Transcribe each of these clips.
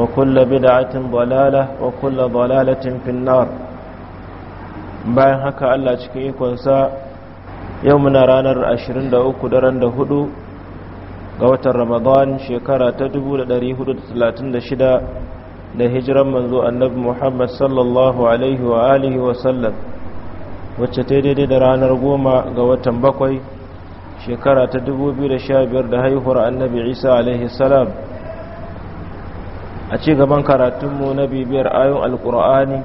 وكل بدعة ضلالة وكل ضلالة في النار bayan haka Allah cikin ikonsa yau muna ranar 23 daren da hudu ga watan Ramadan shekara ta 1436 da hijiran manzo annabi Muhammad sallallahu alaihi wa alihi wa sallam wacce ta daidai da ranar goma ga watan bakwai shekara ta 2015 da haihuwar annabi Isa alaihi salam a ci gaban karatunmu na bibiyar ayon alkur'ani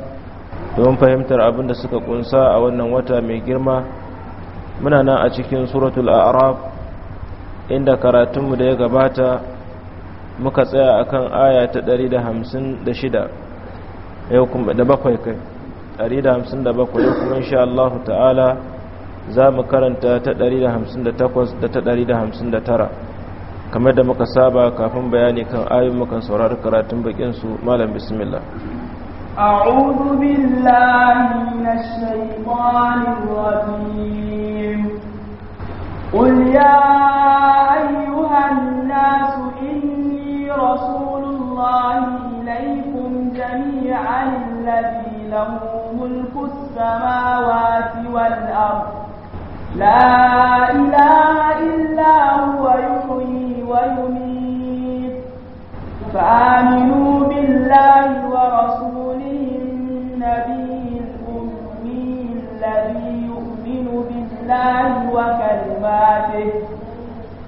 don fahimtar abin da suka kunsa a wannan wata mai girma muna nan a cikin suratul araf inda karatunmu da ya gabata muka tsaya akan aya ta 156 yau kuma da bakwai kai 157 yau kuma insha Allah ta'ala za mu karanta ta 158 da ta 159 kamar da muka saba kafin bayani kan ayoyin muka saurari karatun bakin su malam bismillah أعوذ بالله من الشيطان الرجيم قل يا أيها الناس إني رسول الله إليكم جميعا الذي له ملك السماوات والأرض لا إله إلا هو يحيي فآمنوا بالله ورسوله النبي الأمي الذي يؤمن بالله وكلماته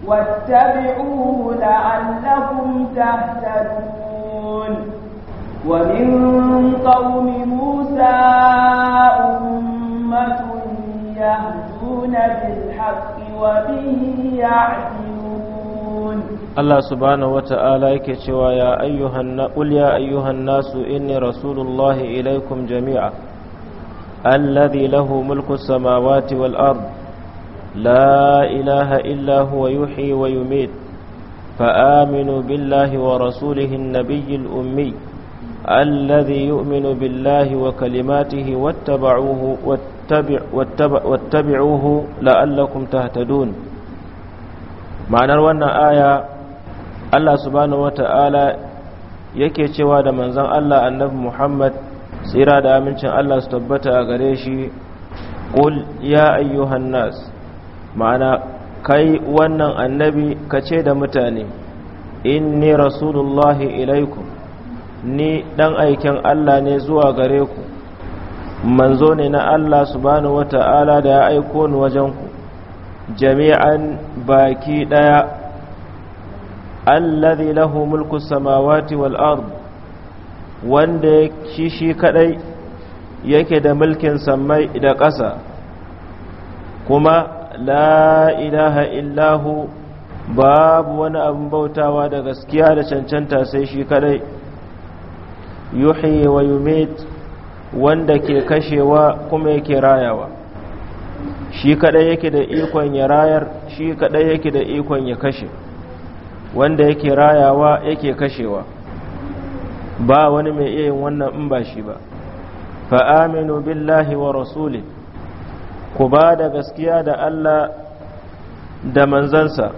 واتبعوه لعلكم تهتدون ومن قوم موسى أمة يهدون بالحق وبه يعلمون Allah subhanahu wata'ala yake cewa ya ayyuhan na qul ya ayyuhan nasu inni rasulullahi ilaikum jami'a alladhi lahu mulku samawati wal ard la ilaha illa huwa yuhyi wa yumit فآمنوا بالله ورسوله النبي الأمي الذي يؤمن بالله وكلماته واتبعوه واتبع واتبع واتبعوه لعلكم تهتدون ma'anar wannan aya Allah subhanahu wata'ala yake cewa da manzon Allah annabi Muhammad tsira da amincin Allah su tabbata a gare shi qul ya ayyuhan nas ma'ana kai wannan annabi kace da mutane inni rasulullahi ilaikum ni dan aikin Allah ne zuwa gare ku manzo ne na Allah subhanahu wata'ala da ya aiko ni wajen ku jami'an baki daya allazi lahu mulku samawati wal ard wanda shi shi kadai yake da mulkin samai da ƙasa kuma la ilaha illahu babu wani abin bautawa da gaskiya da cancanta sai shi kadai yuhyi wa yumit wanda ke kashewa kuma yake rayawa shi kadai yake da ikon ya rayar shi kadai yake da ikon ya kashe wanda yake rayawa yake kashewa ba wani mai iya yin wannan in ba shi ba fa'aminu billahi wa rasuli ku ba da gaskiya da Allah da manzansa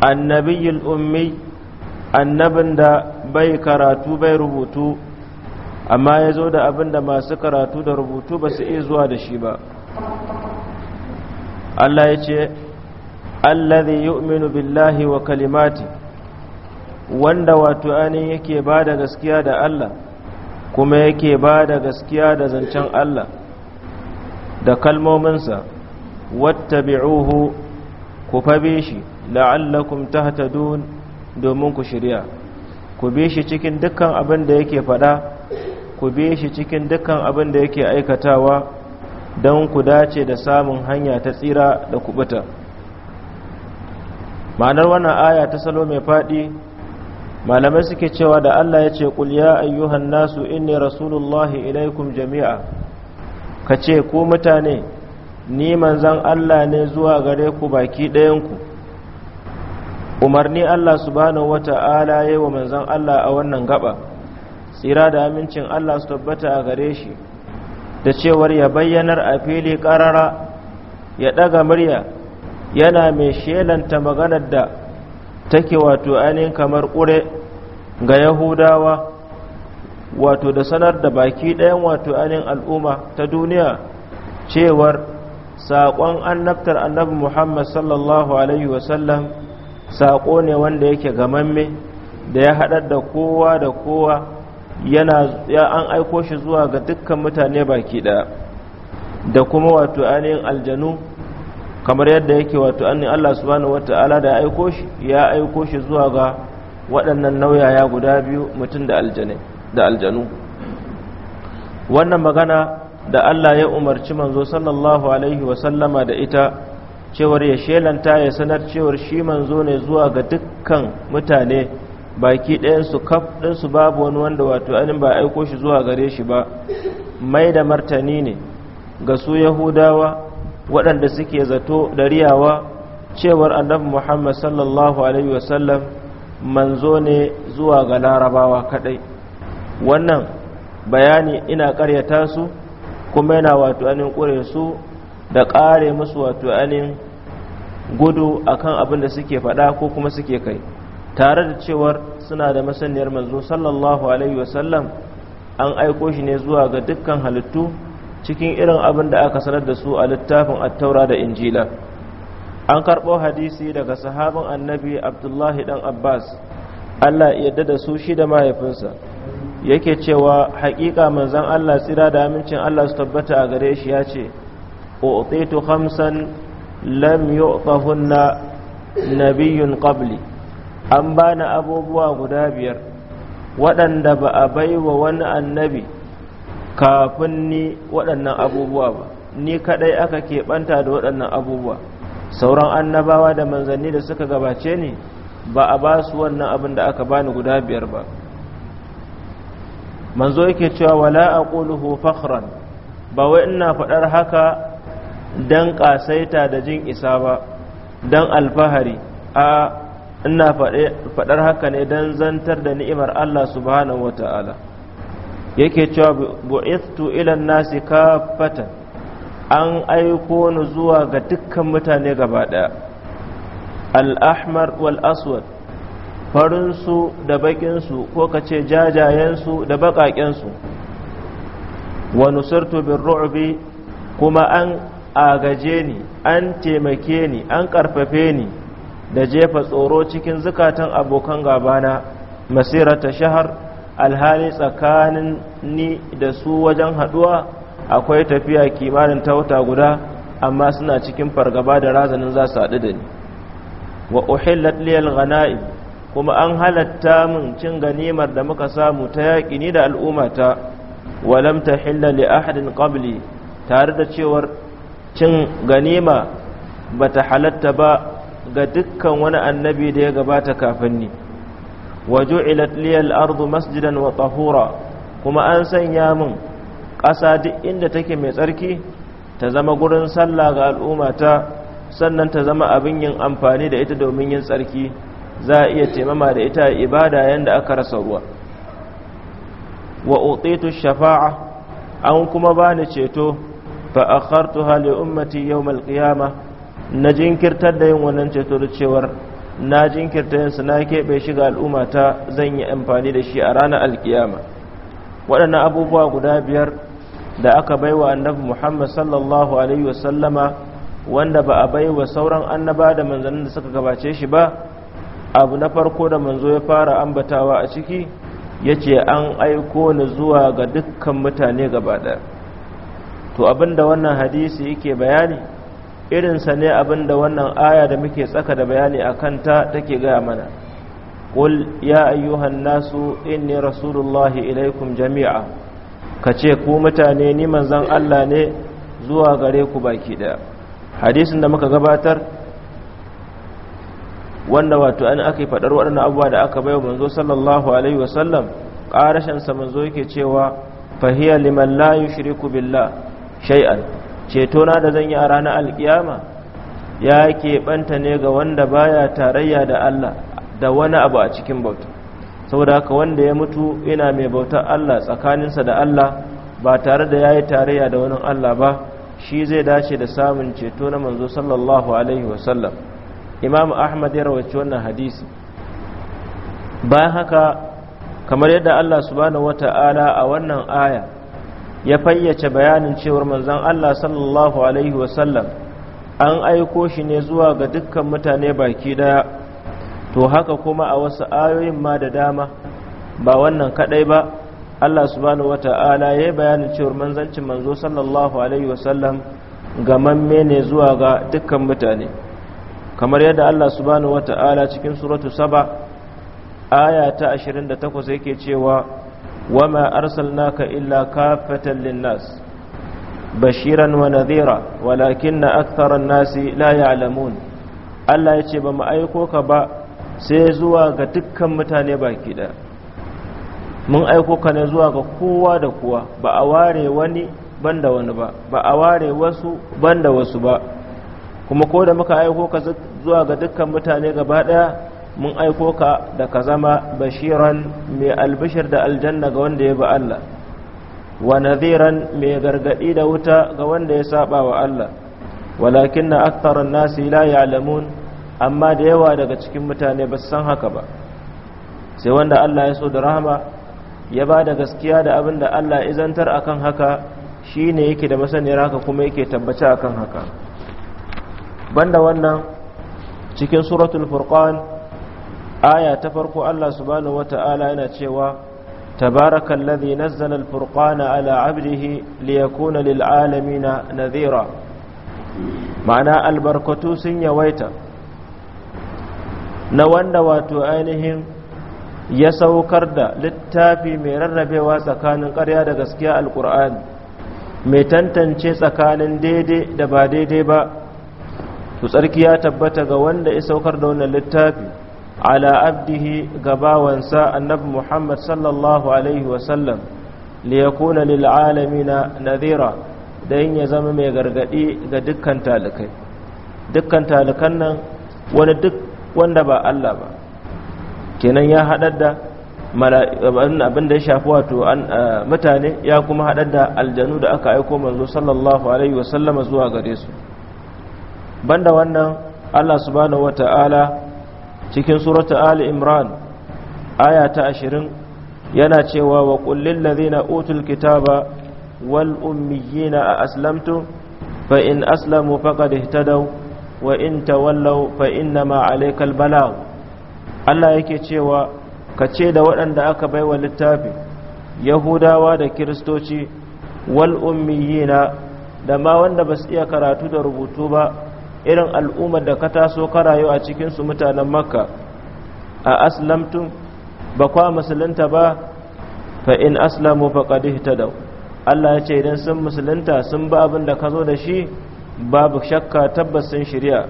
annabiyul ummi annabin da bai karatu bai rubutu amma ya zo da abin da masu karatu da rubutu ba su iya zuwa da shi ba Allah ya ce alladhi yu'minu billahi wa kalimati wanda wato anin yake bada da gaskiya da Allah kuma yake bada da gaskiya da zancen Allah da kalmominsa wattabi'uhu ku fabe shi la'allakum tahtadun domin ku shirya ku bi shi cikin dukkan abin da yake faɗa ku bi shi cikin dukkan abin da yake aikatawa don ku dace da samun hanya ta tsira da kubuta ma'anar wannan aya ta salo mai faɗi malamai suke cewa da Allah ya ce ƙulya ya ayyuhan nasu inni rasulullahi ilaikum jami'a ka ce ku mutane ni manzan Allah ne zuwa gare ku baki ɗayanku umarni Allah subhanahu wata'ala ya wa manzan Allah a wannan gaba tsira da amincin Allah su tabbata a gare shi da cewar ya bayyanar a fili ƙarara ya ɗaga murya yana mai shelanta maganar da take wato ainihin kamar ƙure ga yahudawa wato da sanar da baki ɗayan wato ainihin al'umma ta duniya cewar saƙon annabtar annabi muhammad sallallahu alaihi wasallam saƙo ne wanda yake gamamme da ya haɗar da kowa da kowa yana ya an aiko shi zuwa ga dukkan mutane baki ɗaya da kuma wato ainihin aljanu kamar yadda yake wato annin Allah subhanahu wata'ala da aiko shi ya aiko shi zuwa ga waɗannan nauyaya guda biyu mutum da aljanu wannan magana da Allah ya umarci manzo sallallahu alaihi wa da ita cewar ya shelanta ya sanar cewar shi manzo ne zuwa ga dukkan mutane baki ɗayansu kaf ɗinsu babu wani wanda wato anin ba aiko shi zuwa gare shi ba mai da martani ne ga su yahudawa waɗanda suke zato da riyawa cewar annabi muhammad sallallahu alaihi wasallam manzo ne zuwa ga larabawa kaɗai wannan bayani ina ƙaryata su kuma yana wato anin ƙure su da ƙare musu wato anin gudu akan abin da suke faɗa ko kuma suke kai tare da cewar suna da masaniyar manzo sallallahu alaihi wasallam an aiko shi ne zuwa ga dukkan halittu cikin irin abin da aka sanar da su a littafin attaura da injila an karɓo hadisi daga sahabin annabi abdullahi ɗan abbas allah yadda da su shi da mahaifinsa yake cewa haƙiƙa manzan allah tsira da amincin allah su tabbata a gare shi ya ce u'titu khamsan lam yu'tahunna nabiyyun qabli an bani abubuwa guda biyar waɗanda ba a baiwa wani annabi kafin ni waɗannan abubuwa ba ni kadai aka keɓanta da waɗannan abubuwa sauran annabawa da manzanni da suka gabace ne ba a ba su wannan abin da aka bani guda biyar ba manzo yake cewa wala a ƙuluhu fakhran ba wai ina faɗar haka dan ƙasaita da jin isa ba dan alfahari a ina faɗar haka ne don zantar da ni'imar Allah subhanahu wataala yake cewa bu'istu ila nasi kafatan an aiko ni zuwa ga dukkan mutane gaba daya al-ahmar wal aswad farin su da bakin su ko kace jajayen su da bakaken su wa nusirtu bir ru'bi kuma an agaje ni an taimake ni an karfafe ni da jefa tsoro cikin zukatan abokan gabana masirata shahar alhali tsakanin ni da su wajen haduwa akwai tafiya kimanin tauta guda amma suna cikin fargaba da razanin za su haɗu da ni wa uhillat liyal ghana'i kuma an halatta mun cin ganimar da muka samu ta yaƙi ni da al'ummata wa lam tahilla li ahadin qabli tare da cewar cin ganima bata halatta ba ga dukkan wani annabi da ya gabata kafin ni masjidan وجعلت kuma an sanya min kasa duk inda take mai tsarki ta zama gurin sallah ga al'umma ta sannan ta zama abin yin amfani da ita domin yin tsarki za a iya taimama da ita ibada yadda aka rasa ruwa wa utitu shafa'a an kuma bani ceto fa akhartuha li ummati yawm al-qiyamah na jinkirtar da yin wannan ceto da cewar na jinkirta yansu na keɓe shi ga al'ummata zan yi amfani da shi a ranar alkiyama waɗannan abubuwa guda biyar da aka baiwa annabi muhammad sallallahu alaihi wasallama wanda ba a baiwa sauran annaba da manzannin da suka gabace shi ba abu na farko da manzo ya fara ambatawa a ciki ya ce an aiko ni zuwa ga dukkan mutane gaba ɗaya to abinda wannan hadisi yake bayani irinsa ne abin da wannan aya da muke tsaka da bayani a kanta take gaya mana ƙul ya ayyuhan nasu inni rasulullahi ilaikum jami'a ka ce ku mutane ni manzan Allah ne zuwa gare ku baki ɗaya hadisin da muka gabatar wanda wato an aka yi faɗar waɗannan abubuwa da aka baiwa manzo sallallahu alaihi wasallam ƙarashinsa manzo yake cewa fahiyar liman la yushriku billah shay'an Ceto na da zan yi a ranar alkiyama ya ke keɓanta ne ga wanda baya tarayya da Allah da wani abu a cikin bauta saboda haka wanda ya mutu ina mai bautar Allah tsakaninsa da Allah ba tare da ya yi tarayya da wani Allah ba shi zai dace da samun ceto na manzo sallallahu alaihi wasallam imam ahmad ya rawaci wannan hadisi bayan haka kamar yadda Allah subhanahu wata'ala a wannan aya ya fayyace bayanin cewar manzon Allah sallallahu alaihi wasallam an aiko shi ne zuwa ga dukkan mutane baki daya to haka kuma a wasu ayoyin ma da dama ba wannan kadai ba Allah subhanahu wata'ala ya yi bayanin cewar manzancin manzo sallallahu alaihi wasallam gamamme ne zuwa ga dukkan mutane kamar yadda Allah subhanahu wata'ala cikin suratu saba aya ta 28 yake cewa وما أرسلناك إلا كافة للناس بشيرا ونذيرا ولكن أكثر الناس لا يعلمون ألا يتشب ما أيكوك با سيزوا قتكا متاني باكدا من أيكوك نزوا قوة دقوة بأواري وني بند wani ba ba a ware wasu banda wasu ba kuma ko da muka aiko ka zuwa ga dukkan mutane gaba daya mun aiko ka da ka zama bashiran mai albishir da aljanna ga wanda ya bi Allah wa nadhiran mai gargadi da wuta ga wanda ya saba wa Allah walakinna aktharan nasi la ya'lamun amma da yawa daga cikin mutane ba san haka ba sai wanda Allah ya so da rahama ya ba da gaskiya da abin da Allah izantar akan haka shine yake da masaniyar haka kuma yake tabbata akan haka banda wannan cikin suratul furqan aya ta farko Allah subhanahu wata'ala yana cewa tabarakan ladhi nazzala al-furqana ala 'abdihi liyakuna lil alamina nadhira ma'ana albarkatu sun yawaita na wanda wato ainihin ya saukar da littafi mai rarrabewa tsakanin ƙarya da gaskiya alkur'ani mai tantance tsakanin daidai da ba daidai ba to tsarki ya tabbata ga wanda ya saukar da wannan littafi على عبده قباوا ساء النبي محمد صلى الله عليه وسلم ليكون للعالمين نذيرا دين يزم مي غرغدي ga dukkan talikai dukkan talikan nan wani duk wanda ba Allah ba kenan ya hadar da abin da ya shafi wato mutane ya kuma hadar da aljanu da aka aiko manzo sallallahu alaihi wasallama zuwa gare su banda wannan Allah subhanahu wataala cikin suratu ali imran aya ta ashirin yana cewa wa kullin lazina utul kitaba wal ummiyina a aslamtu fa in aslamu faqad ihtadaw wa in tawallaw fa innama alaykal balagh Allah yake cewa ka ce da waɗanda aka baiwa littafi yahudawa da kiristoci wal ummiyina da ma wanda basu iya karatu da rubutu ba irin al'ummar da ka taso ka rayu a cikinsu mutanen makka a aslamtum ba kwa musulunta ba fa in aslamu faqad ihtadaw Allah ya ce idan sun musulunta sun ba abin da ka zo da shi babu shakka tabbas sun shirya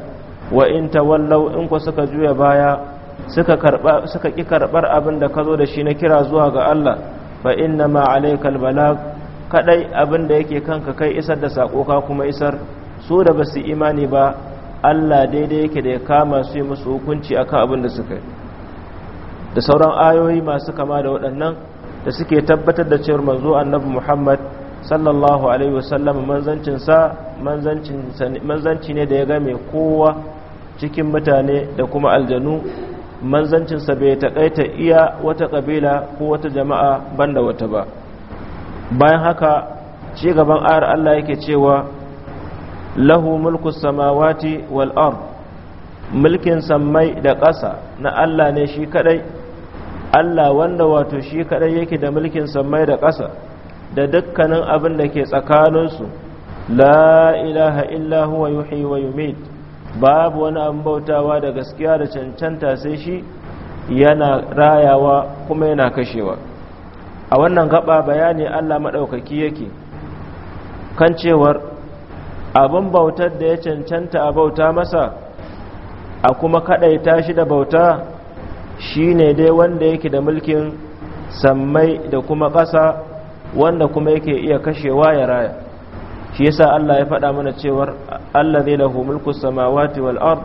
wa in tawallaw in ku suka juya baya suka karba suka ki karbar abin da ka zo da shi na kira zuwa ga Allah fa inna ma alaykal balag kadai abin da yake kanka kai isar da sako ka kuma isar su da ba su imani ba Allah daidai yake da ya kama su yi musu hukunci akan abin da suka yi da sauran ayoyi masu kama da waɗannan da suke tabbatar da cewar manzo annabi Muhammad sallallahu alaihi wasallam manzancinsa sa manzanci ne da ya game kowa cikin mutane da kuma aljanu manzancinsa bai taƙaita iya wata kabila ko wata jama'a banda wata ba bayan haka ci gaban ayar Allah yake cewa lahu mulku samawati wal ard mulkin samai da ƙasa na Allah ne shi kadai Allah wanda wato shi kadai yake da mulkin samai da ƙasa da dukkanin abin da ke tsakaninsu la ilaha illa huwa yuhyi wa yumit babu wani abin bautawa da gaskiya da cancanta sai shi yana rayawa kuma yana kashewa a wannan gaba bayani Allah maɗaukaki yake kan cewar abin bautar da ya cancanta a bauta masa a kuma kadaita shi da bauta shine dai wanda yake da mulkin sammai da kuma ƙasa wanda kuma yake iya kashewa ya raya shi yasa Allah ya faɗa mana cewar Allah zai lahu mulku samawati wal ard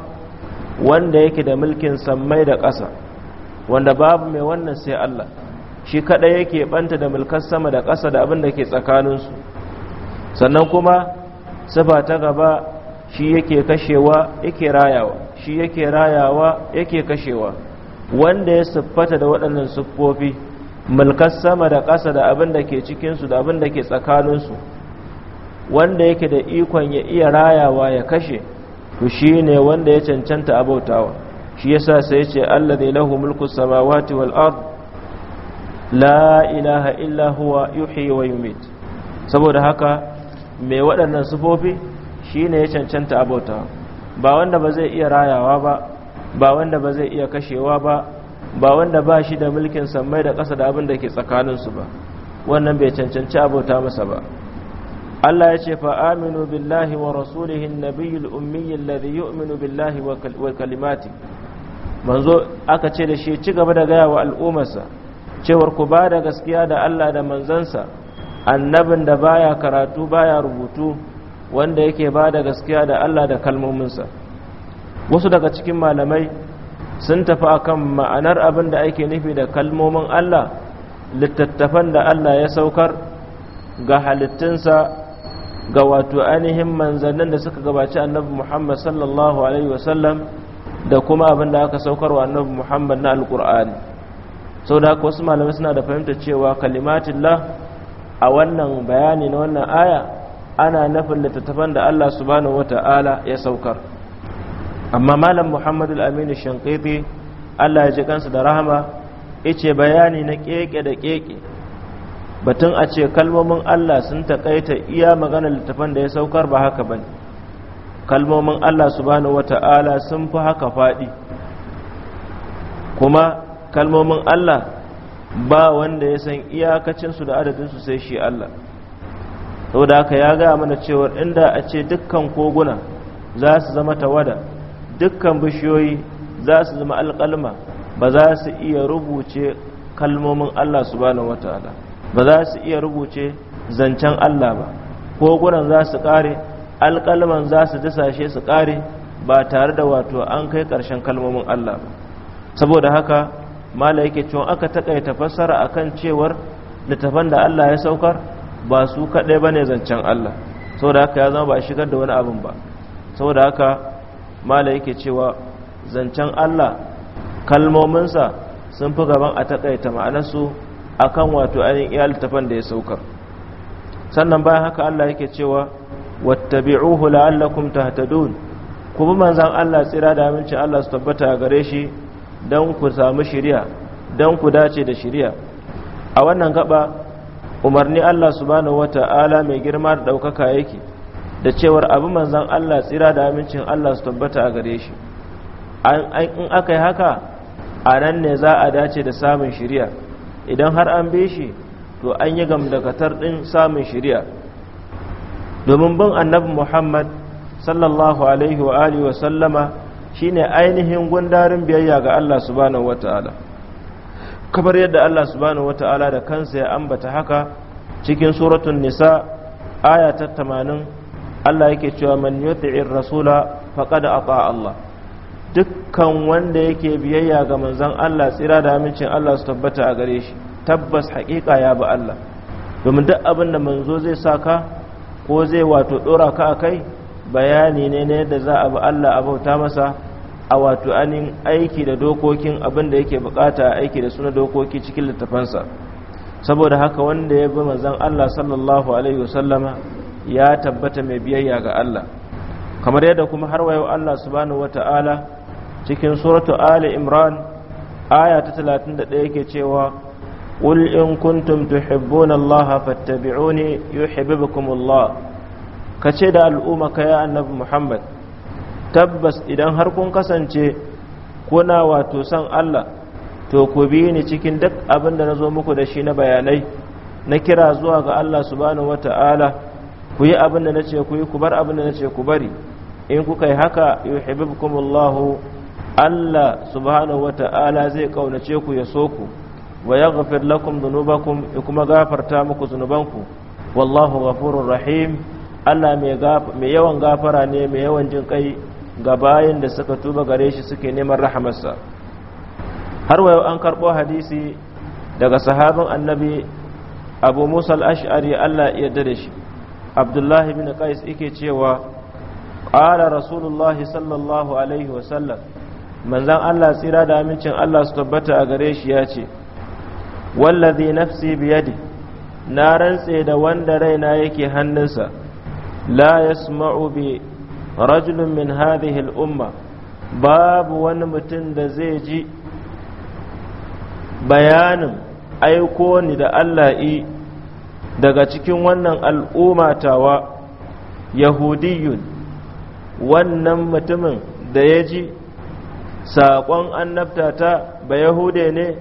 wanda yake da mulkin sammai da ƙasa wanda babu mai wannan sai Allah shi kaɗai yake ɓanta da mulkar sama da ƙasa da abin da ke tsakaninsu sannan kuma sifa ta gaba shi yake kashewa yake rayawa shi yake rayawa yake kashewa wanda ya siffata da waɗannan siffofi mulkar sama da ƙasa da abin da ke cikinsu da abin da ke tsakaninsu wanda yake da ikon ya iya rayawa ya kashe to shi ne wanda ya cancanta abautawa shi ya sa sai ce Allah zai lahu mulku samawati wal ard la ilaha illa huwa yuhyi wa yumit saboda haka mai waɗannan sufofi shi ne ya cancanta abota ba wanda ba zai iya rayawa ba ba wanda ba zai iya kashewa ba ba wanda ba shi da mulkin sammai da ƙasa da abin da ke tsakaninsu ba wannan bai cancanci abota masa ba Allah ya ce fa'aminu billahi wa rasulihin nabiyul ummiyyi alladhi yu'minu billahi wa kalimati manzo aka ce da shi ci gaba da gaya wa al'ummarsa cewar ku ba da gaskiya da Allah da manzansa annabin da baya karatu baya rubutu wanda yake ba da gaskiya da Allah da kalmominsa wasu daga cikin malamai sun tafi akan ma'anar abin da ake nufi da kalmomin Allah littattafan da Allah ya saukar ga halittunsa ga wato ainihin manzannin da suka gabaci annabi Muhammad sallallahu alaihi wasallam da kuma abin da aka saukarwa annabi Muhammad na alkur'ani sau da haka wasu malamai suna da fahimta cewa kalimatillah a wannan bayani na wannan aya ana nufin littattafan da Allah subhanahu wata'ala ya saukar amma malam Muhammad al-Amin Shankiti Allah ya ji kansa da rahama yace bayani na keke da keke batun a ce kalmomin Allah sun takaita iya magana littattafan da ya saukar ba haka bane kalmomin Allah subhanahu wata'ala sun fi haka fadi kuma kalmomin Allah ba wanda ya san iyakacinsu da adadinsu sai shi Allah saboda haka ya gaya mana cewar inda a ce dukkan koguna za su zama tawada dukkan bishiyoyi za su zama alƙalma ba za su iya rubuce kalmomin Allah subhanahu wataala ba za su iya rubuce zancen Allah ba kogunan za su ƙare alƙalman za su dasashe su ƙare ba tare da wato an kai ƙarshen kalmomin Allah ba saboda haka mala yake cewa aka takaita fassara akan cewar littafan da Allah ya saukar ba su kadai ne zancen Allah saboda haka ya zama ba shigar da wani abin ba saboda haka mala cewa zancen Allah kalmominsa sun fi gaban a takaita ma'anarsu akan wato ainihin iya littafan da ya saukar sannan bayan haka Allah yake cewa wattabi'uhu la'allakum tahtadun ku bi manzon Allah tsira da aminci Allah su tabbata gare shi don ku samu shiriya don ku dace da shiriya a wannan gaba umarni Allah subhanahu wata'ala mai girma da ɗaukaka yake da cewar abu manzan Allah tsira da amincin Allah su tabbata a gare shi in aka yi haka a nan ne za a dace da samun shiriya idan har an bi shi to an yi gamdakatar ɗin samun shiriya domin bin annabi muhammad sallallahu alaihi wa wa sallama Shi ne ainihin gundarin biyayya ga Allah subhanahu ta'ala kamar yadda Allah subhanahu ta'ala da kansa ya ambata haka cikin suratun nisa aya ta tamanin Allah yake cewa man yuti'ir rasula faqad ata Allah dukkan wanda yake biyayya ga manzon Allah tsira da amincin Allah su tabbata a gare shi tabbas haƙiƙa ya bi Allah domin duk abin da manzo zai sa ka ko zai wato ɗora ka a kai. bayani ne na yadda za a bi Allah a bauta masa a wato anin aiki da dokokin abin da yake bukata aiki da suna dokoki cikin littafansa saboda haka wanda ya bi manzon Allah sallallahu alaihi wasallama ya tabbata mai biyayya ga Allah kamar yadda kuma har wayo Allah subhanahu wata'ala cikin suratu ali imran aya ta 31 yake cewa qul in kuntum tuhibbuna allaha fattabi'uni yuhibbukum Allah ka ce da al'umma ka ya annabi muhammad tabbas idan har kun kasance kuna wato son allah to ku bi ni cikin duk abin da na zo muku da shi na bayanai na kira zuwa ga allah subhanahu wata'ala ku yi abin da na ce ku yi ku bar abin da na ce ku bari in kuka yi haka yuhibbukumullahu allah subhanahu wata'ala zai kaunace ku ya so ku wa yaghfir lakum ya kuma gafarta muku zunubanku wallahu ghafurur rahim Allah mai yawan gafara ne mai yawan jin kai ga bayan da suka tuba gare shi suke neman rahamarsa har wayo an karɓo hadisi daga sahabin annabi abu musa al'ash'ari Allah iya da shi abdullahi bin qais ike cewa ƙara rasulullahi sallallahu alaihi wasallam manzan Allah tsira da amincin Allah su tabbata a gare shi ya ce wallazi nafsi biyadi na rantse da wanda raina yake hannunsa la yasma'u bi rajulun min hadhihi al-umma babu wani mutum da zai ji bayanin aiko ni da allahi daga cikin wannan al'umma tawa yahudiyun wannan mutumin da ya ji saƙon annabta ta ba yahude ne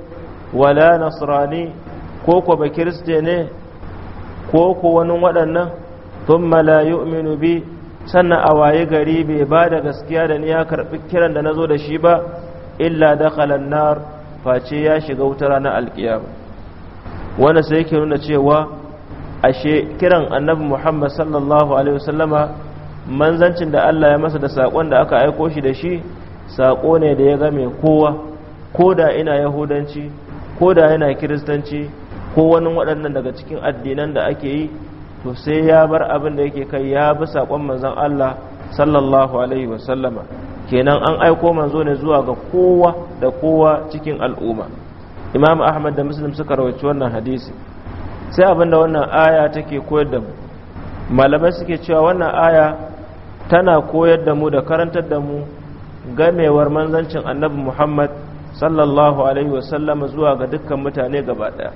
wala nasrani ko ko ba kiriste ne ko ko wani waɗannan thumma la yu'minu bi sannan a gari bai ba da gaskiya da ni ya karbi kiran da nazo da shi ba illa dakhala an-nar face ya shiga wutar ranar alkiyama wanda sai yake nuna cewa ashe kiran annabi Muhammad sallallahu alaihi wasallama manzancin da Allah ya masa da sakon da aka aiko shi da shi sako ne da ya game kowa ko da ina yahudanci ko da yana kiristanci ko wani waɗannan daga cikin addinan da ake yi to sai ya bar abin da yake kai ya bi saƙon manzon Allah sallallahu alaihi wasallama kenan an aiko manzo ne zuwa ga kowa da kowa cikin al'umma imam ahmad da muslim suka rawaci wannan hadisi sai abinda wannan aya take koyar da mu malamai suke cewa wannan aya tana koyar da mu da karantar da mu gamewar manzancin annabi muhammad sallallahu alaihi wasallama zuwa ga dukkan mutane gaba ɗaya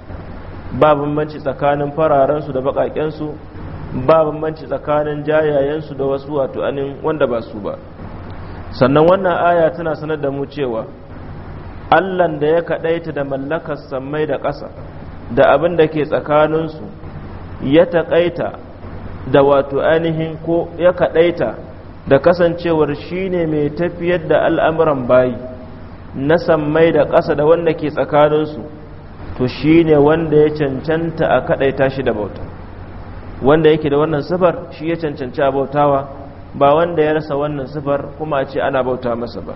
ba bambanci tsakanin fararensu da baƙaƙensu ba bambanci tsakanin jayayensu da wasu wato anin wanda ba su ba sannan wannan aya tana sanar da mu cewa allan da ya kaɗaita da mallakar sammai da ƙasa da abin da ke tsakaninsu ya taƙaita da wato ainihin ko ya kaɗaita da kasancewar shine mai tafiyar da al'amuran bayi na sammai da ƙasa da wanda ke tsakaninsu to shi ne wanda ya cancanta a kadaita shi da bauta wanda yake da wannan sifar shi ya cancanci a bautawa ba wanda ya rasa wannan sifar kuma a ce ana bauta masa ba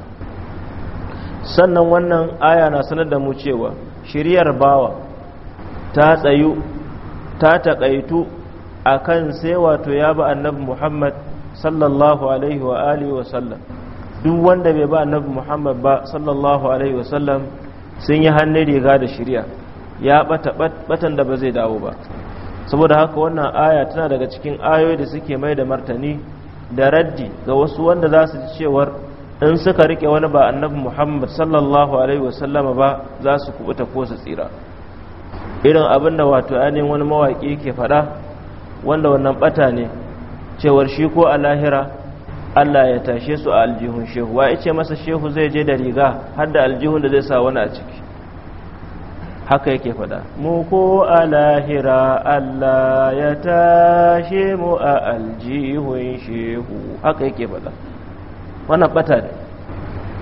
sannan wannan aya na sanar da mu cewa shiriyar bawa ta tsayu ta taƙaitu a kan sai wato ya ba annabi muhammad sallallahu alaihi wa alihi wa sallam duk wanda bai ba annabi muhammad ba sallallahu alaihi wa sallam sun yi hannun riga da shiriya. ya bata batan da ba zai dawo ba saboda haka wannan aya tana daga cikin ayoyi da suke mai da martani da raddi ga wasu wanda za su ji cewar in suka rike wani ba annabi muhammad sallallahu alaihi wasallama ba za su kubuta ko su tsira irin abin da wato ainihin wani mawaƙi ke faɗa wanda wannan ɓata ne cewar shi ko a lahira allah ya tashe su a aljihun shehu wa masa shehu zai je da riga har da aljihun da zai sa wani a ciki haka yake fada mu ko a lahira Allah ya tashe mu a aljihun shehu haka yake fada wannan bata ne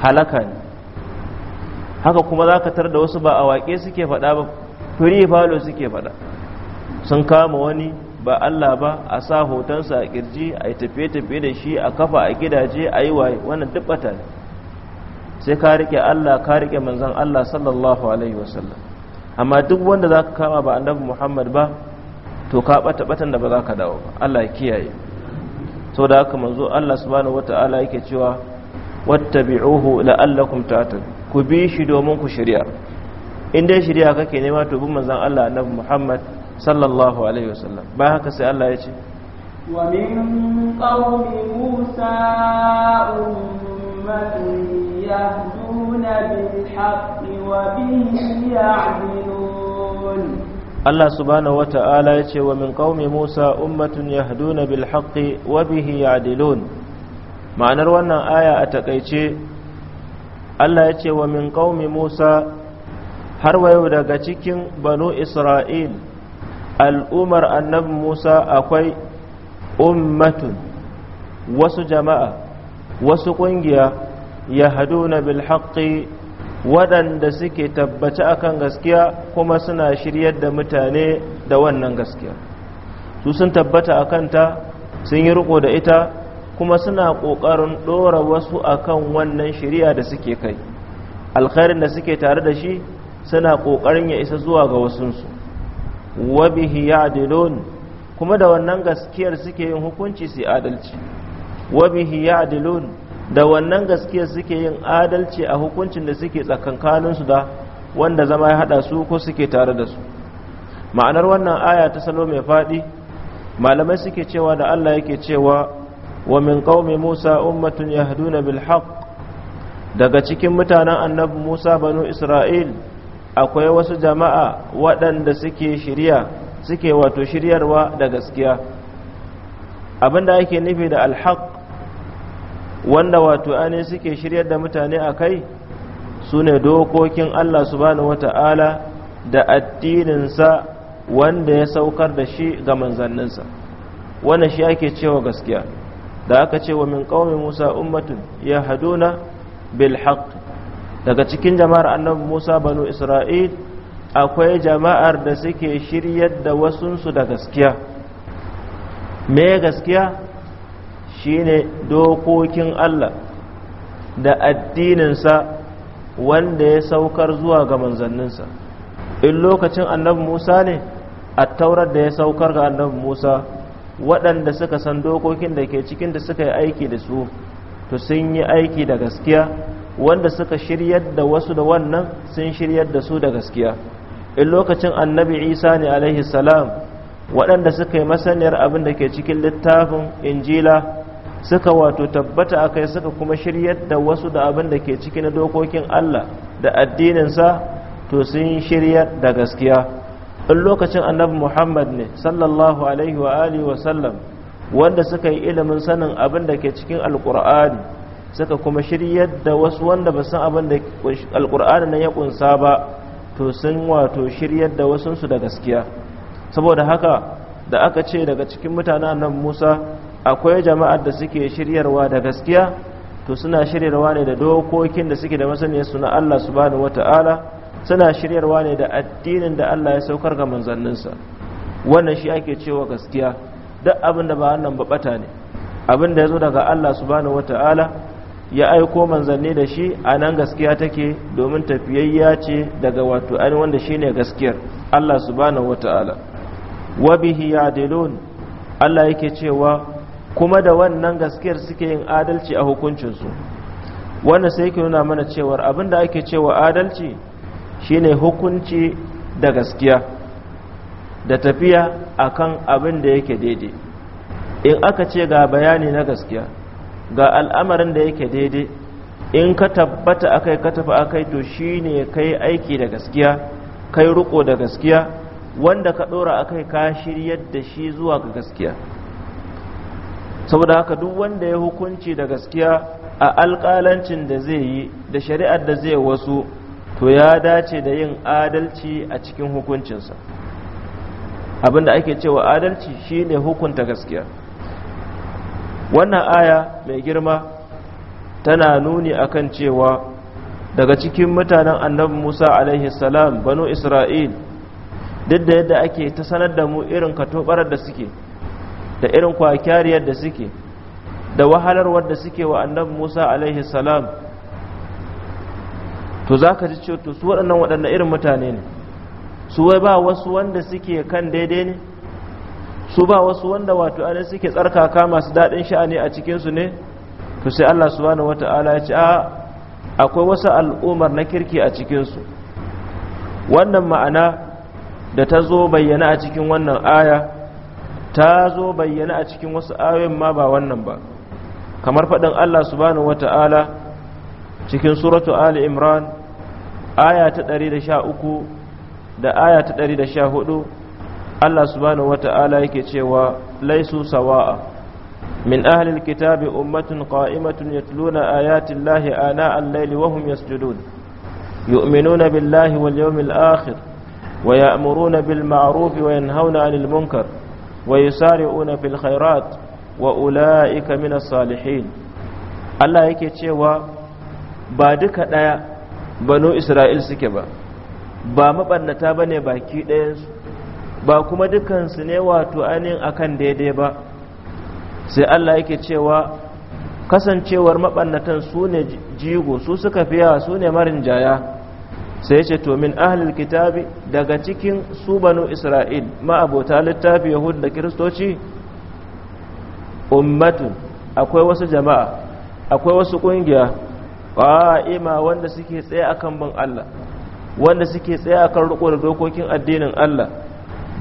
halaka ne haka kuma za ka tar da wasu ba a waƙe suke fada ba firi falo suke fada sun kama wani ba Allah ba a sa hotonsa a kirji a yi tafiye-tafiye da shi a kafa a gidaje a yi waye wannan duk bata ne sai ka rike Allah ka rike manzan Allah sallallahu alaihi wasallam amma duk wanda za ka kama ba annabi muhammad ba to ka bata batan da ba za ka dawo ba allah kiyaye sau da haka manzo allah subhanahu wata'ala yake cewa wattabi'uhu la'allakum ta'tad ku bi shi domin ku shari'a in dai shari'a kake nema to bin manzon allah annabi muhammad sallallahu alaihi wasallam ba haka sai allah ya ce min qawmi musa أمة Allah بالحق ta'ala يعدلون الله سبحانه وتعالى يتي Yahduna قوم موسى أمة يهدون ma'anar wannan aya a takaice Allah ya ce wa min qaumi Musa har yau daga cikin banu Isra'il al'umar annabi Musa akwai ummatun wasu jama'a wasu ƙungiya yahduna bil haqqi waɗanda suke tabbaci akan gaskiya kuma suna shiryar da mutane da wannan gaskiya su sun tabbata akan ta sun yi riko da ita kuma suna ƙoƙarin ɗora wasu akan wannan shirya da suke kai alkhairin da suke tare da shi suna ƙoƙarin ya isa zuwa ga wasunsu wabihi ya kuma da wannan gaskiyar suke yin hukunci su adalci wabihi ya da wannan gaskiya suke yin adalci a hukuncin da suke tsakankaninsu da wanda zama ya haɗa su ko suke tare da su ma'anar wannan aya ta salo mai faɗi malamai suke cewa da Allah yake cewa wa min qaumi Musa ummatun yahduna bil haqq daga cikin mutanen annabi Musa banu Isra'il akwai wasu jama'a waɗanda suke shirya suke wato shiryarwa da gaskiya abinda ake nufi da alhaq wanda wato ane suke shiryar da mutane a kai su ne dokokin Allah subhanahu wata'ala da addininsa wanda ya saukar da shi ga manzanninsa wanda shi ake cewa gaskiya da aka ce wa min qaumi Musa ummatun ya Haduna bilhak daga cikin jama'ar annabi Musa banu Isra'il akwai jama'ar da suke shiryar da wasunsu da gaskiya me gaskiya shine dokokin Allah da addininsa wanda ya saukar zuwa ga manzanninsa in lokacin annabi Musa ne a taurar da ya saukar ga annabi Musa waɗanda suka san dokokin da ke cikin da suka yi aiki da su to sun yi aiki da gaskiya wanda suka shiryar da wasu da wannan sun shiryar da su da gaskiya in lokacin annabi Isa ne alaihi salam waɗanda suka yi masaniyar abin da ke cikin littafin injila suka wato tabbata akai suka kuma shiryar da wasu da abin da ke ciki na dokokin Allah da addininsa to sun shiryar da gaskiya in lokacin annabi Muhammad ne sallallahu alaihi wa alihi wa sallam wanda suka yi ilimin sanin abin da ke cikin alqur'ani suka kuma shiryar da wasu wanda ba san abin da alqur'ani nan ya kunsa ba to sun wato shiryar da su da gaskiya saboda haka da aka ce daga cikin mutanen annabi Musa akwai jama'ar da suke shiryarwa da gaskiya to suna shiryarwa ne da dokokin da suke da masaniyar su na Allah subhanahu wata'ala suna shiryarwa ne da addinin da Allah ya saukar ga manzanninsa wannan shi ake cewa gaskiya duk abin da ba wannan ba bata ne abin da ya zo daga Allah subhanahu wata'ala ya aiko manzanni da shi a nan gaskiya take domin tafiyayya ce daga wato an wanda shine gaskiyar Allah subhanahu wata'ala wa bihi ya'dilun Allah yake cewa kuma da wannan gaskiyar suke yin adalci a hukuncinsu wanda sai ke nuna mana cewar abin da ake cewa adalci shine hukunci da gaskiya da tafiya akan abin da yake daidai in aka ce ga bayani na gaskiya ga al'amarin da yake daidai in ka tabbata akai ka tafi akai to shine kai aiki da gaskiya kai ruko da gaskiya wanda ka dora akai ka shiryar da shi zuwa ga gaskiya saboda haka duk wanda ya hukunci da gaskiya a alƙalancin da zai yi da shari'ar da zai wasu to ya dace da yin adalci a cikin hukuncinsa abinda ake cewa adalci shine hukunta gaskiya wannan aya mai girma tana nuni akan cewa daga cikin mutanen annabi Musa alaihi salam banu Isra'il duk da yadda ake ta sanar da mu irin katobarar da suke da irin kwakyariyar da suke da wahalarwar da suke wa annabi Musa alaihi salam to za ka ji cewa to su waɗannan waɗanne irin mutane ne su wai ba wasu wanda suke kan daidai ne su ba wasu wanda wato ana suke tsarkaka masu daɗin sha'ani a cikinsu ne to sai Allah subhanahu wata'ala ya ce a akwai wasu al'umar na kirki a cikinsu wannan ma'ana da ta zo bayyana a cikin wannan aya ta zo bayyana a cikin wasu ayoyin ma ba wannan ba kamar faɗin Allah subhanahu wata'ala cikin suratu Ali Imran aya ta 113 da aya ta 114 Allah subhanahu wata'ala yake cewa laisu sawa'a min ahli alkitabi ummatun qa'imatun yatluna ayati llahi ana al-layli wa hum yasjudun yu'minuna billahi wal yawmil akhir bil wa ويأمرون wa yanhauna anil munkar ويسارعون في الخيرات واولئك من الصالحين الله yake cewa ba duka daya banu Isra'il suke ba ba mabannata bane baki ɗayan ba kuma dukan su ne wato anin akan daidai ba sai Allah yake cewa kasancewar mabannatan su ne jigo su suka fiya su ne marin jaya sai ce to min ahlil kitabi daga cikin su banu isra'il ma'abota littafi yahud da kiristoci ummatun akwai wasu jama'a akwai wasu kungiya qa'ima wanda suke tsaye akan bin Allah wanda suke tsaye akan riko da dokokin addinin Allah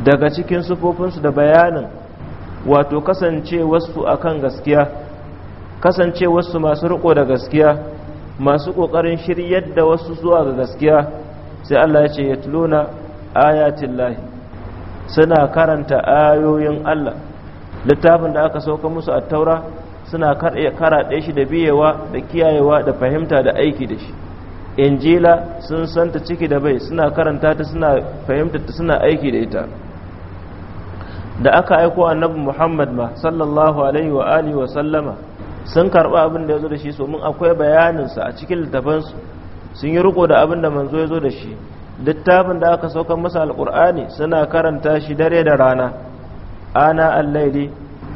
daga cikin sufofinsu da bayanin wato kasancewarsu akan gaskiya kasancewarsu masu riko da gaskiya masu ƙoƙarin shiryar da wasu zuwa ga gaskiya sai Allah ya ce ya tuluna ayatin lahi suna karanta ayoyin Allah littafin da aka sauka musu a taura suna karaɗe shi da biyewa da kiyayewa da fahimta da aiki da shi injila sun santa ciki da bai suna karanta ta suna fahimta ta suna aiki da ita da aka aiko annabi muhammad ma sallallahu alaihi wa alihi wa sallama sun karɓa abin da ya zo da shi somin akwai bayaninsa a cikin littafansu sun yi riko da abin da manzo ya zo da shi littafin da aka saukan masa alƙur'ani suna karanta shi dare da rana ana allaili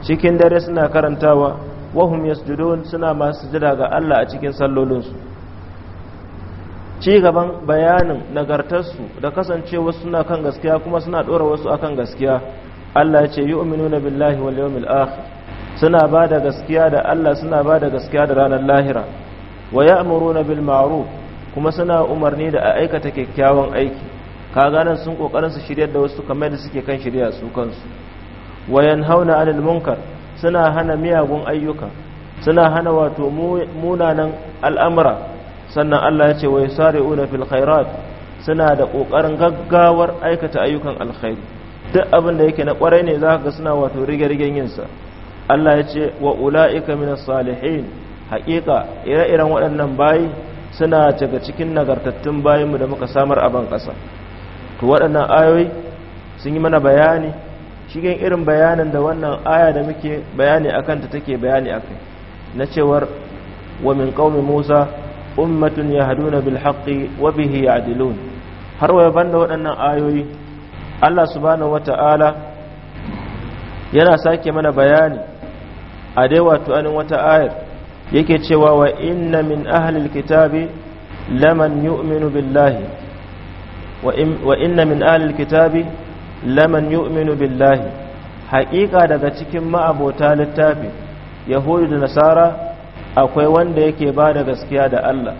cikin dare suna karantawa wahum yasjudun suna masu jira ga Allah a cikin sallolinsu ci gaban bayanin nagartarsu da kasancewa suna kan gaskiya kuma suna ɗora wasu akan gaskiya Allah ya ce yu'minuna billahi wal yawmil akhir suna ba da gaskiya da Allah suna ba da gaskiya da ranar lahira wa ya na bil ma'ruf kuma suna umarni da a aikata kyakkyawan aiki kaga nan sun kokarin su shiryar da wasu kamar da suke kan shirya su kansu wa na 'anil munkar suna hana miyagun ayyuka suna hana wato munanan al'amura sannan Allah ya ce wa yasari'una fil khairat suna da kokarin gaggawar aikata ayyukan alkhairi duk abin da yake na kwarai ne zaka ga suna wato rige-rigen yinsa Allah ya ce wa ula'ika minas salihin haƙiƙa ire-iren waɗannan bayi suna daga cikin nagartattun bayinmu da muka samar a ban ƙasa to waɗannan ayoyi sun yi mana bayani shigen irin bayanin da wannan aya da muke bayani a kanta take bayani a kai na cewar wa min qaumi musa ummatun ya haduna bil haqqi wa bihi ya'dilun har wa banda waɗannan ayoyi allah subhanahu wata'ala yana sake mana bayani a dai wato anin wata ayar yake cewa wa inna min ahlil kitabi laman yu'minu billahi wa inna min ahlil kitabi laman yu'minu billahi haƙiƙa daga cikin ma'abota littafi yahudu da nasara akwai wanda yake ba da gaskiya da Allah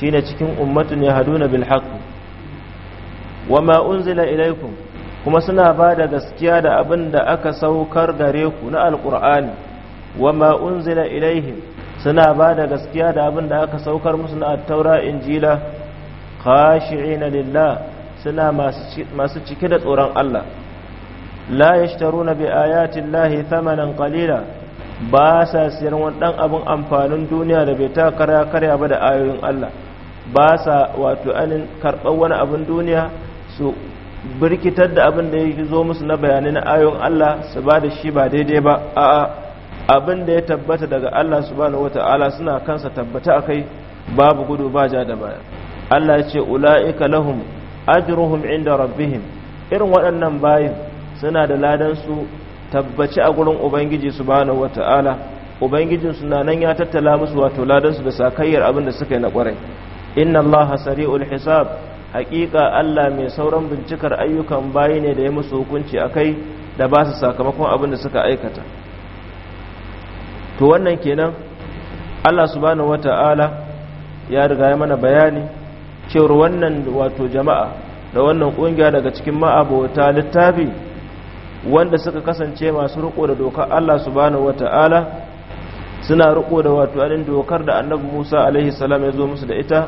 shine cikin ummatu ne haduna bil haqq wa ma unzila ilaykum kuma suna ba da gaskiya da abin da aka saukar gare ku na alqur'ani wama unzila ilaihim suna ba da gaskiya da abin da aka saukar musu na taura injila khashi'ina lillah suna masu cike da tsoron Allah la yashtaruna bi ayati llahi thamanan qalila ba sa siyan wani dan abin amfanin duniya da bai ta karya karya ba da ayoyin Allah ba sa wato anin karɓar wani abin duniya su birkitar da abin da ya zo musu na bayanai na ayoyin Allah su ba da shi ba daidai ba a'a abin da ya tabbata daga Allah subhanahu wata'ala suna kansa tabbata akai babu gudu ba ja da baya Allah ya ce ula'ika lahum ajruhum inda rabbihim irin waɗannan bayin suna da ladan su tabbaci a gurin ubangiji subhanahu wata'ala ubangijin su na nan ya tattala musu wato ladansu da sakayyar abin da suka yi na kwarai inna Allah sari'ul hisab haƙiƙa Allah mai sauran bincikar ayyukan bayi ne da ya musu hukunci akai da ba su sakamakon abin da suka aikata to wannan kenan Allah subhanahu wata'ala ya riga ya mana bayani cewar wannan wato jama'a da wannan kungiya daga cikin ma'abota littafi wanda suka kasance masu riko da dokar Allah subhanahu wata'ala suna riko da wato alin dokar da Annabi Musa alaihi salam ya zo musu da ita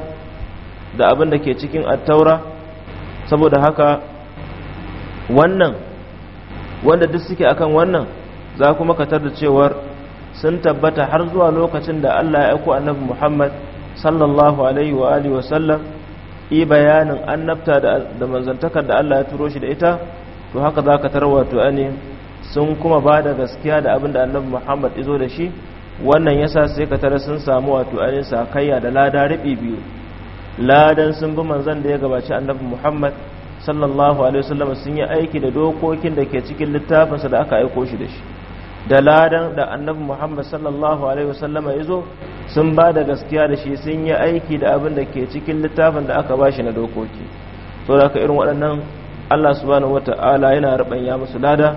da abin da ke cikin attaura saboda haka wannan wanda duk suke akan wannan za kuma katar da cewar sun tabbata har zuwa lokacin da Allah ya aiko annabi Muhammad sallallahu alaihi wa alihi wa sallam i bayanin annabta da manzantakar da Allah ya turo shi da ita to haka zaka tarwato ani sun kuma ba da gaskiya da abin da annabi Muhammad izo da shi wannan yasa sai ka tare sun samu wato ani sakayya da lada ribi biyu ladan sun bi manzan da ya gabaci annabi Muhammad sallallahu alaihi wasallam sun yi aiki da dokokin da ke cikin littafinsa da aka aiko shi da shi da ladan da annabi muhammad sallallahu alaihi wasallama ya zo sun ba da gaskiya da shi sun yi aiki da abin da ke cikin littafin da aka ba shi na dokoki to da ka irin waɗannan allah subhanahu wata'ala yana ya musu lada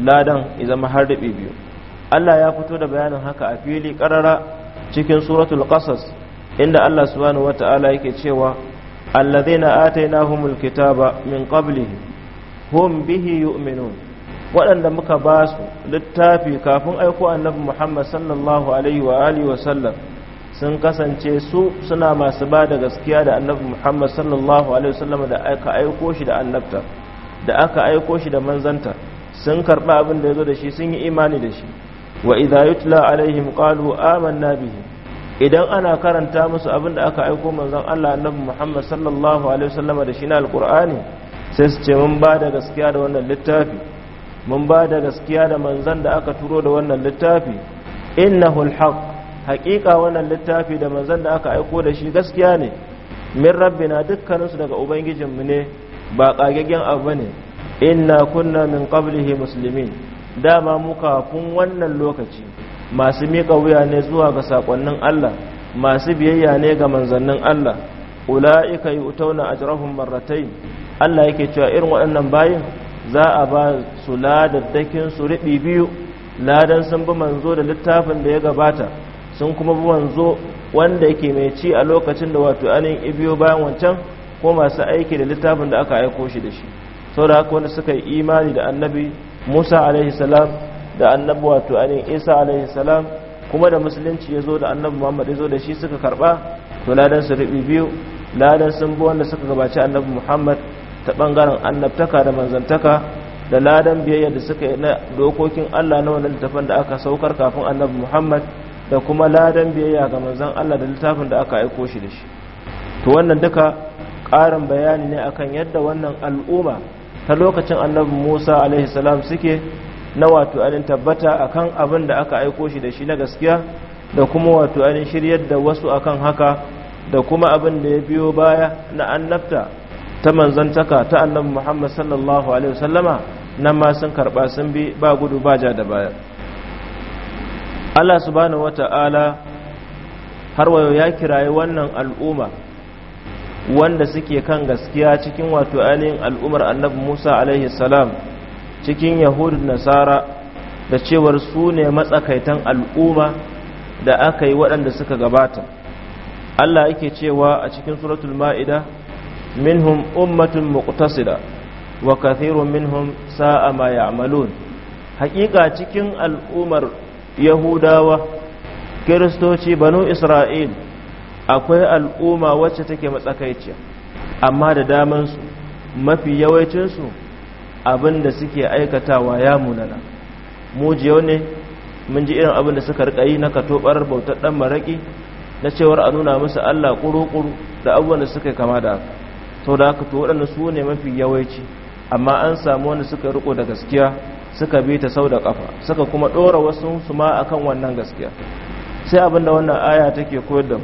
ladan ya zama har daɓe biyu allah ya fito da bayanin haka a fili ƙarara cikin suratul qasas inda allah subhanahu wata'ala yake cewa allazina atainahumul kitaba min qablihi hum bihi yu'minun waɗanda muka ba su littafi kafin aiko annabi Muhammad sallallahu alaihi wa alihi wa sallam sun kasance su suna masu ba da gaskiya da annabi Muhammad sallallahu alaihi wa sallam da aka aiko shi da annabta da aka aiko shi da manzanta sun karɓi abin da ya zo da shi sun yi imani da shi wa idha yutla alaihim qalu amanna bihi idan ana karanta musu abin da aka aiko manzon Allah annabi Muhammad sallallahu alaihi wa sallam da shi na alqur'ani sai su ce mun ba da gaskiya da wannan littafi mun ba da gaskiya da manzan da aka turo da wannan littafi innahul haq haƙiƙa wannan littafi da manzan da aka aiko da shi gaskiya ne min rabbi na dukkaninsu daga ubangijinmu ne ba ƙagaggen abu ne inna kunna min qablihi muslimin dama mu kafin wannan lokaci masu miƙa wuya ne zuwa ga sakonnin Allah masu biyayya ne ga manzannin Allah ula'ika a ajrahum marratayn Allah yake cewa irin waɗannan bayin za a ba su ladaddakin su riɓi biyu ladan sun bi manzo da littafin da ya gabata sun kuma bi manzo wanda yake mai ci a lokacin da wato anin ibiyo bayan wancan ko masu aiki da littafin da aka aiko shi da shi sau da haka wanda suka yi imani da annabi musa alaihi da annabi wato anin isa alaihi kuma da musulunci ya zo da annabi muhammad ya zo da shi suka karba to ladan su riɓi biyu ladan sun bi wanda suka gabaci annabi muhammad ta bangaren annabtaka da manzantaka da ladan biyayya da suka yi na dokokin Allah na wannan littafin da aka saukar kafin annabi Muhammad da kuma ladan biyayya ga manzon Allah da littafin da aka aiko shi da shi to wannan duka ƙarin bayani ne akan yadda wannan al'umma ta lokacin annabi Musa alaihi salam suke na wato alin tabbata akan abin da aka aiko shi da shi na gaskiya da kuma wato alin shiryar da wasu akan haka da kuma abin da ya biyo baya na annabta ta manzantaka ta annabi Muhammad sallallahu alaihi wasallama nan ma sun karba sun bi ba gudu ba ja da baya Allah subhanahu wata'ala har wayo ya kirayi wannan al'umma wanda suke kan gaskiya cikin wato ainihin al'ummar annabi Musa alaihi salam cikin yahudu nasara da cewar su ne matsakaitan al'umma da aka yi waɗanda suka gabata Allah yake cewa a cikin suratul ma'ida minhum ummatun muqtasida wa kathirun minhum sa'a ma ya'malun haƙiƙa cikin al'umar yahudawa kiristoci banu isra'il akwai al'umma wacce take matsakaiciya amma da damansu mafi yawancinsu abinda suke aikatawa ya munana mujiyo ne mun ji irin abin da suka rika yi na katobar bautar ɗan maraƙi, na cewar a nuna musu Allah kuru-kuru da abubuwan da suka kama da haka sau da haka to waɗanda su ne mafi yawaici amma an samu wanda suka riko da gaskiya suka bi ta sau da ƙafa suka kuma ɗora wasu su ma akan wannan gaskiya sai abinda wannan aya take koyar da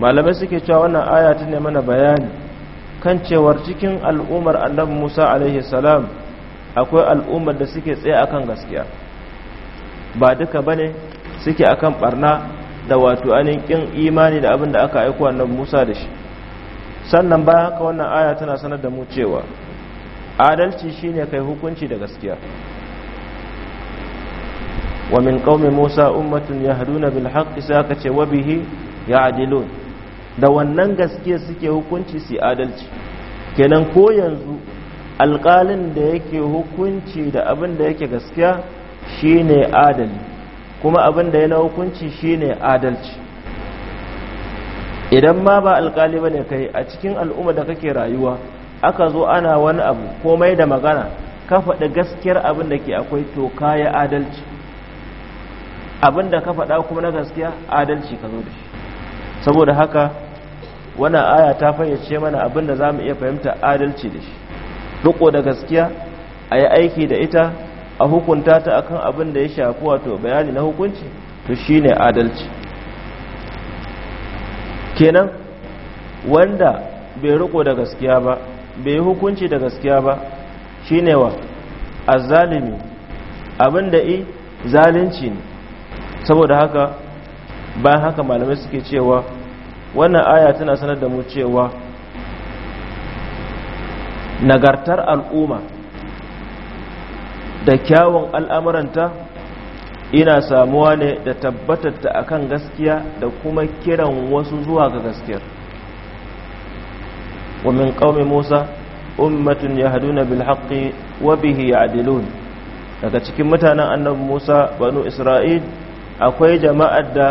malamai suke cewa wannan aya ta ne mana bayani kan cewar cikin al'ummar annabi musa alaihi salam akwai al'ummar da suke tsaye akan gaskiya ba duka ba ne suke akan barna da wato anin kin imani da abin da aka aiko annabi musa da shi sannan ba haka wannan aya tana sanar da mu cewa adalci shine kai hukunci da gaskiya wa min qaumi musa ummatun yahduna bil haqqi saka ce wa bihi ya'dilun da wannan gaskiya suke hukunci su adalci kenan ko yanzu alƙalin da yake hukunci da abin da yake gaskiya shine adali kuma abin da ya na hukunci shine adalci idan ma ba alkali ne kai a cikin al'umma da kake rayuwa aka zo ana wani abu komai da magana ka faɗi gaskiyar abin da ke akwai to kaya adalci abin da ka faɗa kuma na gaskiya adalci ka zo da shi saboda haka wani aya ta fayyace mana abin da za mu iya fahimta adalci da shi riko da gaskiya a yi aiki da ita a hukunta ta akan abin da ya shafi wato bayani na hukunci to shine adalci kenan wanda bai riko da gaskiya ba bai hukunci da gaskiya ba shine wa azzalimi abinda i zalunci ne saboda haka bayan haka malamai suke cewa wannan aya tana sanar da mu cewa nagartar al'umma da kyawun al'amuranta ina samuwa ne da ta akan gaskiya da kuma kiran wasu zuwa ga gaskiyar wa min qaumi Musa ummatun yahduna bil haqqi wa bihi ya'dilun daga cikin mutanen annabi Musa banu Isra'il akwai jama'ar da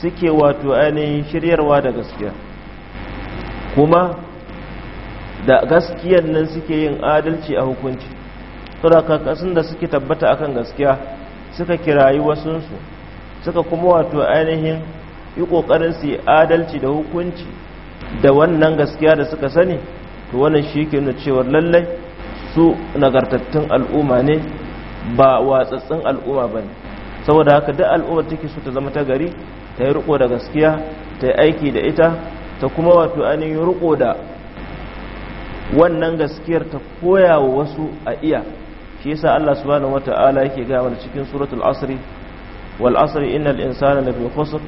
suke wato ainihin shiryarwa da gaskiya kuma da gaskiyar nan suke yin adalci a hukunci saboda kakasin da suke tabbata akan gaskiya suka kirayi wasunsu suka kuma wato ainihin yi ƙoƙarin su yi adalci da hukunci da wannan gaskiya da suka sani to wannan shi ke nuna cewar lallai su nagartattun al'umma ne ba watsatsun al'umma ba ne saboda haka duk al'ummar take so ta zama ta gari ta yi riko da gaskiya ta yi aiki da ita ta kuma wato ainihin riko da wannan gaskiyar ta koya wa wasu a iya shi yasa Allah subhanahu wata'ala yake ga mana cikin suratul asri wal asr innal insana lafi khusr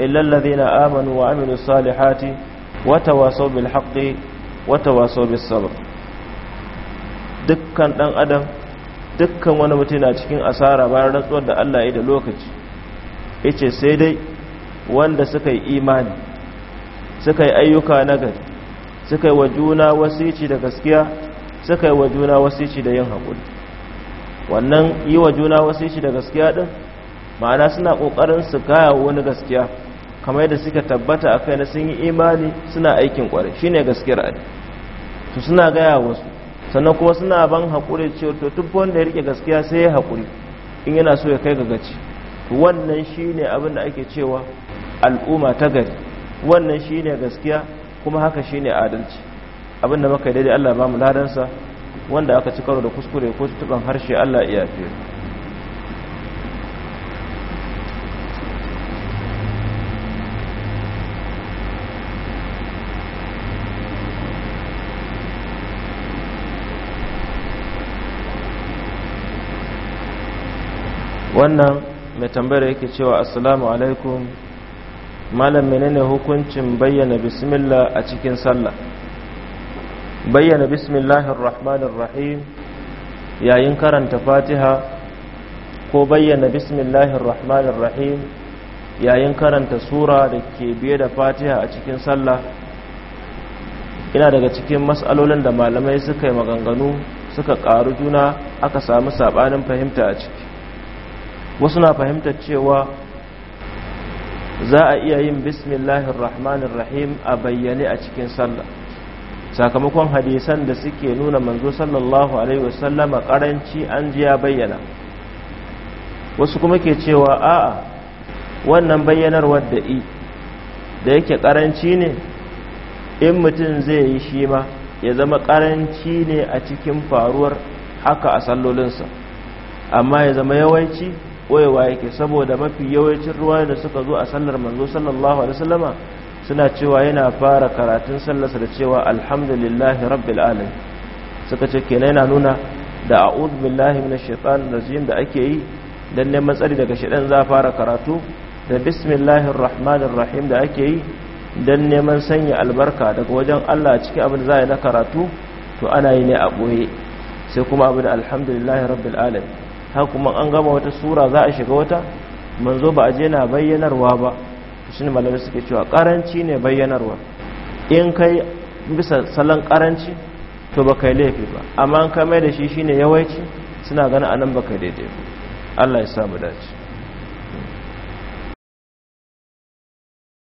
illa alladhina amanu wa amilu salihati wa tawasaw bil haqqi wa tawasaw bis sabr dukkan dan adam dukkan wani mutum na cikin asara bayan rantsuwar da Allah ya da lokaci yace sai dai wanda suka yi imani suka yi ayyuka na gari suka yi wa juna wasici da gaskiya suka yi wa juna wasici da yin haƙuri wannan yi wa juna wasu shi da gaskiya din ma'ana suna kokarin su kaya wani gaskiya kamar yadda suka tabbata a kai na sun yi imani suna aikin shi shine gaskiyar adi Su suna gaya wasu sannan kuma suna ban haƙuri cewa to duk wanda ya rike gaskiya sai ya haƙuri in yana so ya kai ga gaci wannan shine abin da ake cewa al'umma ta gari wannan shine gaskiya kuma haka shine adalci abin da muka yi daidai Allah ba mu ladansa wanda aka ci karo da kuskure ko tutuban harshe Allah iya fiye wannan mai tambayar yake cewa assalamu alaikum malam menene hukuncin bayyana bismillah a cikin sallah bayyana bismillahir rahmanir rahim yayin karanta fatiha ko bayyana bismillahir rahmanir rahim yayin karanta sura da ke biye da fatiha a cikin sallah ina daga cikin matsalolin da malamai suka yi maganganu suka ƙaru juna aka samu saɓanin fahimta a ciki wasu na fahimtar cewa za a iya yin bismillahir rahmanir rahim a bayyane a cikin sallah sakamakon hadisan da suke nuna manzo sallallahu alaihi wasallama karanci an ji ya bayyana wasu kuma ke cewa a'a wannan bayyanar wadda i da yake karanci ne in mutum zai yi shi ma ya zama karanci ne a cikin faruwar haka a sallolinsa amma ya zama yawanci koyewa yake saboda mafi yawancin ruwa da suka zo a sallar manzo sallallahu alaihi wasallama suna cewa yana fara karatun sallarsa da cewa alhamdulillahi rabbil alamin suka ce kenan yana nuna da a'udhu billahi minash shaitanir rajim da ake yi dan neman tsari daga shaitan za fara karatu da bismillahir rahmanir rahim da ake yi dan neman sanya albarka daga wajen Allah cikin abin da za yi na karatu to ana yi ne a boye sai kuma abin alhamdulillahi rabbil alamin har kuma an gama wata sura za a shiga wata manzo ba a je na bayyanarwa ba shine malamai suke cewa karanci ne bayyanarwa in kai bisa salon karanci to ba kai laifi ba amma an kamar da shi shine yawaici suna ganin anan ba kai daidai Allah ya samu dace